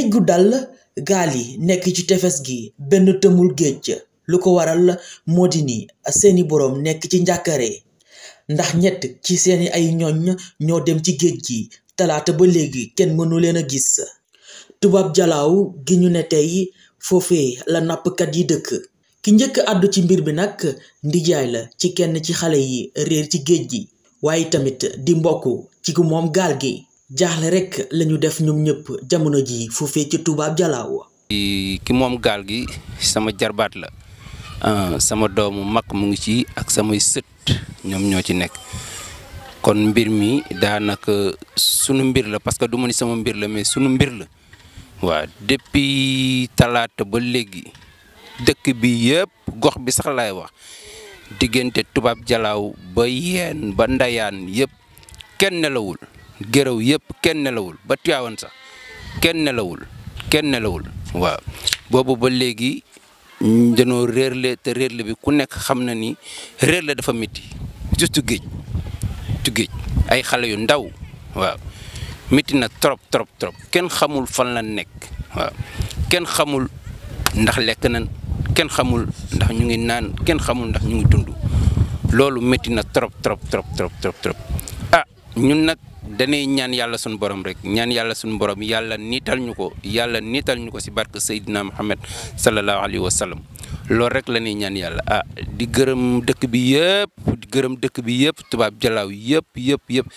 géej gu dal gaal yi nekk ci tefes gi benn tëmul géej lu ko waral moo di ni seeni boroom nekk ci njàkkare ndax ñett ci seeni ay ñoñ ñoo dem ci géej gi talaata ba léegi kenn mënu leen a gis tubaab jalaaw gi ñu ne tey foofee la nappkat yi dëkk ki njëkk àddu ci mbir bi nag ndijaay la ci kenn ci xale yi réer ci géej gi waaye tamit di mbokk ci ku moom gaal gi jaaxle rek lañu def ñoom ñëpp jamono ji foofee ci Touba Jalaaw ki moom gaal gi sama jarbaat la ah, sama doomu mag mu ngi ci ak samay sët ñoom ñoo ci nekk kon mbir mi daanaka sunu mbir la parce que du ma ni sama mbir la mais sunu mbir la waa depuis talaata ba léegi dëkk bi yëpp gox bi sax laay wax diggante tubaab jalaaw ba yeen ba ndayaan yëpp kenn nelawul géraw yëpp kenn nelawul ba Tiwaawan sax kenn nelawul kenn nelawul waaw boobu ba léegi danoo réerle te réerle bi ku nekk xam na ni réerle dafa métti juste géej tu ay xale yu ndaw waaw métti na trop trop trop kenn xamul fan la nekk waaw kenn xamul ndax lekk nan kenn xamul ndax ñu ngi naan kenn xamul ndax ñu ngi dund loolu métti na trop trop trop trop trop trop ah ñun nag dañuy ñaan yàlla suñu borom rek ñaan yàlla suñu borom yàlla niital ñu ko yàlla niital ñu ko si barke Seydina Muhammad sallallahu alayhi wa sallam loolu rek la ñaan yàlla ah di gërëm dëkk bi yëpp di gërëm dëkk bi yëpp tubaab jalaaw yëpp yëpp yëpp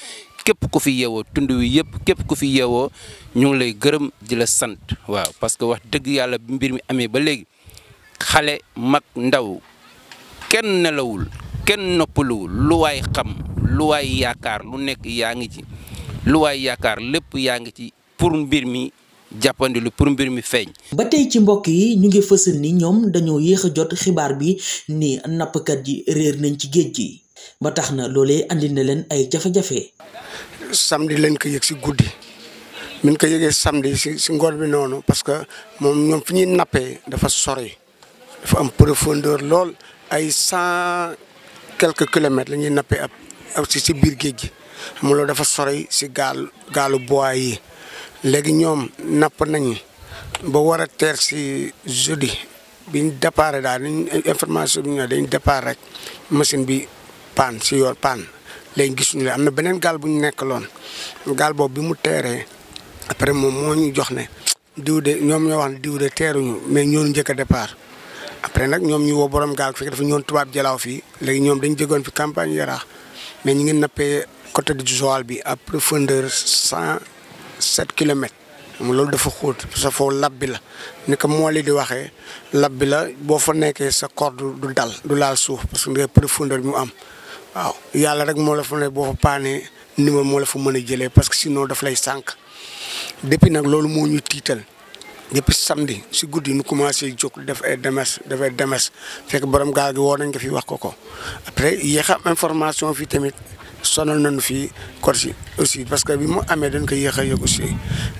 képp ku fi yewoo tund wi yëpp képp ku fi yewoo ñu ngi lay gërëm di la sant waaw parce que wax dëgg yàlla bi mbir mi amee ba léegi xale mag ndaw kenn nelawul kenn noppaluwul lu waay xam lu waay yaakaar lu nekk yaa ngi ci lu waay yaakaar lépp yaa ngi ci pour mbir mi jàppandilu pour mbir mi feeñ. ba tey ci mbokk yi ñu ngi fësal ni ñoom dañoo yéex a jot xibaar bi ni nappkat ji réer nañ ci géej gi ba tax na loole andi na leen ay jafe-jafe. samedi lañ ko yëg si guddi. min ko yëgee samedi si si ngoon bi noonu parce que moom ñoom fi ñuy nappee dafa sore dafa am profondeur lool ay cent quelque kilomètres lañuy nappee nappee ab si si biir géej gi. mu loolu dafa sori si gaal gaalu bois yi léegi ñoom napp nañ ba war a teer si jeudi biñ départ daal dañ information bi ñu ne dañ départ rek machine bi paan si yoon paan léegi gisuñu la am na beneen gaal bu ñu nekk loon gaal boobu bi mu teeree après moom moo ñu jox ne diw de ñoom ñoo wax ne diw de teeruñu mais ñoo njëkk a départ après nag ñoom ñu woo borom gaal fekk dafa ñoon tubaab jalaaw fii léegi ñoom dañ jógoon fi campagne yaraax mais ñu ngi nappee côté du Joal bi à profondeur cent sept kilomètres loolu dafa xóot sa foofu lab bi la ni ko moo li di waxee lab bi la boo fa nekkee sa corde du dal du laal suuf parce que profondeur mu am waaw yàlla rek moo la fa boo fa paanee ndimbal moo la fa mën a jëlee parce que sinon daf lay sànq depuis nag loolu moo ñu tiital depuis samedi si guddi nu commencé jóg def ay demes def ay demes fekk borom gaal gi woo nañ fi wax ko ko après yéex a am tamit. sonal nañu fii Korsi aussi parce que bi mu amee dañ ko yéex a yëg aussi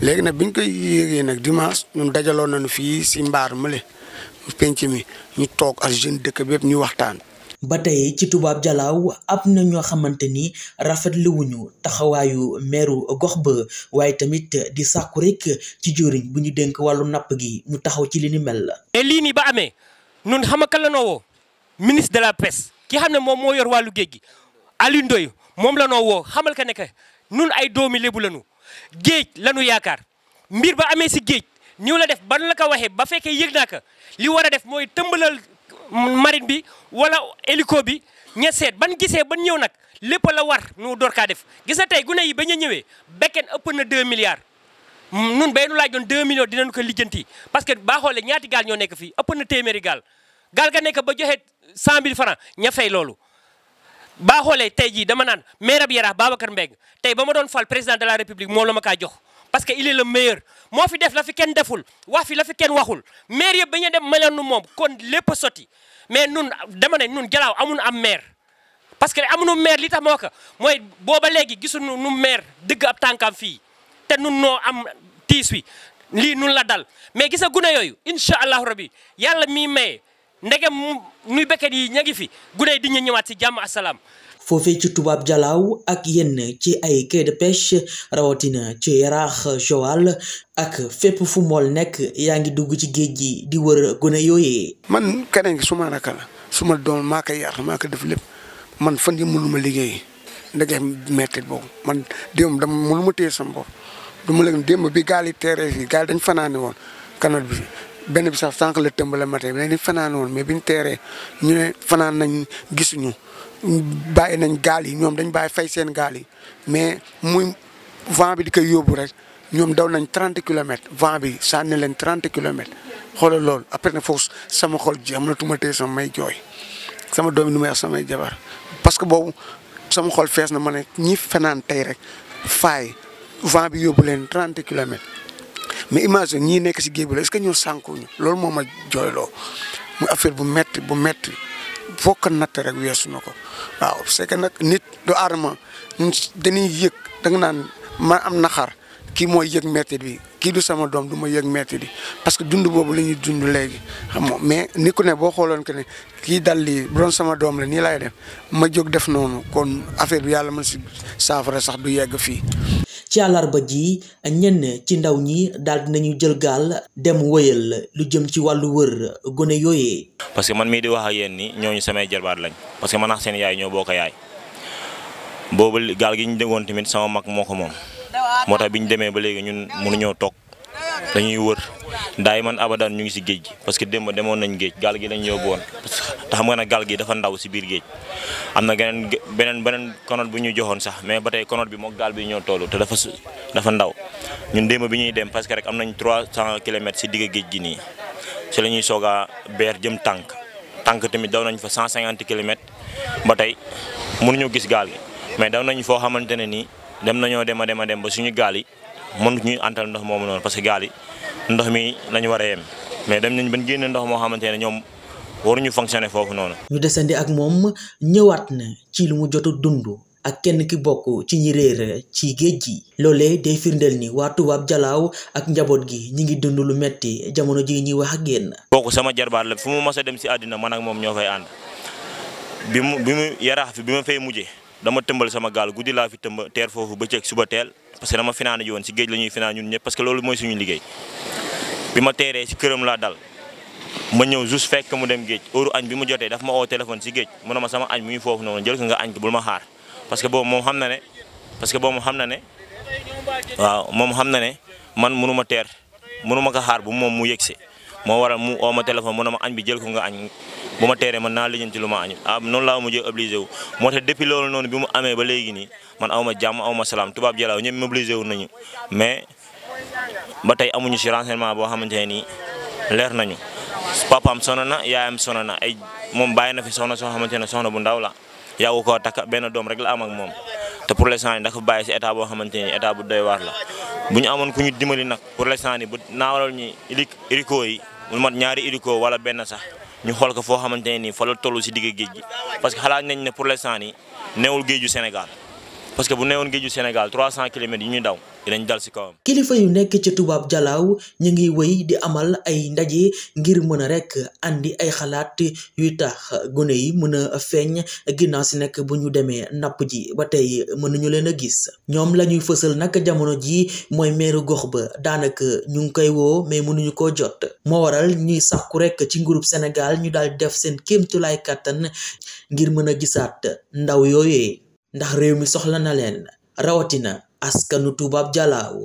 léegi nag biñ ko yéegee nag dimanche ñun dajaloon nañu fii si mbaar mële penc mi ñu toog ak jeune dëkk bépp ñu waxtaan. ba tey ci tubaab jalaaw ab na ñoo xamante ni rafetlu taxawaayu meeru gox ba waaye tamit di sàkku rek ci jëriñ bu ñu dénk wàllu napp gi ñu taxaw ci li ni mel la. mais lii nii ba amee nun xam nga kan la noo ministre de la pêche ki xam ne moom moo yor wàllu géej gi Alioune moom la noo woo xamal ka ne que nun ay doomi lébu lañu géej lañu yaakaar mbir ba amee si géej ñëw la def ban la ko waxee ba fekkee yëg naa ka li war a def mooy tëmbalal marine bi wala hélico bi ña seet ban gisee ban ñëw nag lépp la war nu door kaa def gis na tey gune yi ba ñu ñëwee bekken ëpp na 2 milliards nun bay nu laajoon 2 millions dinañ ko lijjanti parce que baa xoolee ñaati gaal ñoo nekk fii ëpp na téeméeri gaal gaal ga nekk ba joxe 100000 francs ña fay loolu baa xoolee tey jii dama naan maire bi Yaraax Babacar Mbengue tey ba ma doon fal président de la république moo la ma jox parce que il la le moo fi def la fi kenn deful wax fi la fi kenn waxul maire yëpp ba ñu dem meloon nu moom kon lépp a sotti mais nun dama ne nun jalaaw amun am maire parce que amunu maire li tax moo ko mooy booba léegi gisuñu nu maire dëgg ab tànkam fii te nun noo am tiis wi lii nun la dal mais gisa gune yooyu incha allahu rabi yàlla mii maye ndege muy béykat yi ña ngi fi guddee di ñu ñëwaat si jàmm asalaam. foofee ci tubaab jalaaw ak yenn ci ay quai de pêche rawatina ci yaraax Joal ak fépp fu mool nekk yaa ngi dugg ci géej gi di wër gone yooyee. man keneen ki su ma naka la su ma doon maa ko yar maa def lépp man fan yi mënuma liggéey ndege metti boobu man démb dama mënuma téye sama bopp du ma leen démb bi gaal yi teeree fii gaal dañ fanaani woon canal bi benn bi sax sànq la tëmbale matin bi ni fanaan woon mais biñ teeree ñu ne fanaan nañ gisuñu bàyyi nañ gaal yi ñoom dañ bàyyi fay seen gaal yi mais muy vent bi di koy yóbbu rek ñoom daw nañ trente kilomètres vent bi sànni leen trente kilomètres xoolal loolu après nag foofu sama xol ji am na tuma tey sama may jooy sama doom yi nu may jabar parce que boobu sama xol fees na ma ne ñi fanaan tey rek faay vent bi yóbbu leen trente kilomètres. mais image ñii nekk si géej bi la est ce que ñoo sànkuñu loolu moo ma jooyloo mu affaire bu metti bu metti fokk natt rek weesu na ko waaw c'est que nag nit du aadama dañuy yëg da nga naan man am naxar kii mooy yëg métti bi kii du sama doom du ma yëg métti bi parce que dund boobu la ñuy dund léegi xam mais ni ku ne boo xooloon que ne kii dal lii doon sama doom la nii lay def ma jóg def noonu kon affaire bi yàlla man si saafara sax du yegg fii. ci àllarba ji ñenn ci ndaw ñi daal dinañu jël gaal dem wëyal lu jëm ci wàllu wër gone yooyee. parce que man mii di wax ak yéen ni ñooñu samay jarbaat lañ parce que man ak seen yaay ñoo ko yaay boobu gaal gi ñu déggoon tamit sama mag moo ko moom. moo tax bi ñu demee ba léegi ñun ñoo toog dañuy wër daay man abadan ñu ngi si géej gi parce que démb demoon nañ géej gaal gi lañ yóbbu woon te xam nga ne gaal gi dafa ndaw si biir géej am na geneen beneen beneen konoot bu ñu joxoon sax mais ba tey konoot bi mook gaal bi ñoo toll dafa dafa ndaw ñun démb bi ñuy dem parce que rek am nañ 300 kilomètres si digg géej gi nii si la ñuy soog a beer jëm tànk tànk tamit daw nañ fa cent 150 kilomètres ba tey mënuñu gis gaal gi mais daw nañ foo xamante nii dem nañoo dem a dem a dem ba suñu gaal yi mënut ñuy antal ndox moomu noonu parce que gaal ndox mi lañu war a yem mais dem nañ ban génn ndox moo xamante ne ñoom waruñu fonctionner foofu noonu. ñu desandi ak moom ñëwaat na ci lu mu jot a dund ak kenn ki bokk ci ñi réer ci géej gi. loolee day firndeel ni waatu tubaab jalaaw ak njaboot gi ñu ngi dund lu metti jamono ji ñuy wax ak génn. kooku sama jarbaat la fu mu mas dem si àddina man ak moom ñoo fay ànd bi mu bi mu yaraax fi bi ma fay mujjee. dama tëmbal sama gaal guddi laa fi tëmb teer foofu ba ceeg suba teel parce que dama finaan ji woon si géej la ñuy finaan ñun ñëpp parce que loolu mooy suñu liggéey bi ma teeree si këram laa dal ma ñëw juste fekk mu dem géej heure añ bi ma jotee daf ma oo téléphone si géej mu a ma sama añ mu ngi foofu noonu jël ko nga añ ko bul ma xaar parce que boobu moom xam na ne parce que boobu moom xam na ne waaw moom xam na ne man mënu ma teer mënu ma ko xaar bu moom mu yëgsi moo waral mu oo ma téléphone mu ne añ bi jël ko nga añ bu ma teeree man naa lijjanti lu ma añ ah noonu laa mujjee obligé wu moo tax depuis loolu noonu bi mu amee ba léegi nii man aw ma jàmm aw ma salaam tubaab jalaaw ñëpp mobilisé wu nañu mais ba tey amuñu si renseignement boo xamante ne nii leer nañu papaam sono na yaayam sono na ay moom bàyyi na fi soxna soo xamante ne soxna bu ndaw la yàggu ko takk benn doom rek la am ak moom te pour l'instant dafa bàyyi si état boo xamante ni état bu doy waar la bu ñu amoon ku ñu dimbali nag pour l'instant ni bu ñu ñi iri yi mu mat ñaari irikoo wala benn sax ñu xool ko foo xamante ne nii fa la toll si digg géej gi parce que xalaat nañ ne pour l'instant nii newul géeju Sénégal parce que bu neewoon géeju Sénégal 300 kilomètres yi ñuy daw dinañ dal ci kawam. kilifa yu nekk ci tubaab jalaaw ñu ngi woy di amal ay ndaje ngir mën a rek andi ay xalaat yuy tax gune yi mën a feeñ ginnaaw si nekk bu ñu demee napp ji ba tey mënuñu leen a gis ñoom la ñuy fësal nag jamono ji mooy meeru gox ba daanaka ñu ngi koy woo mais mënuñu koo jot moo waral ñuy sàkku rekk ci nguurub Sénégal ñu daal def seen kéemtulaay kàttan ngir mën a gisaat ndaw yooyee. ndax réew mi soxla na leen rawatina askanu tubaab jalaaw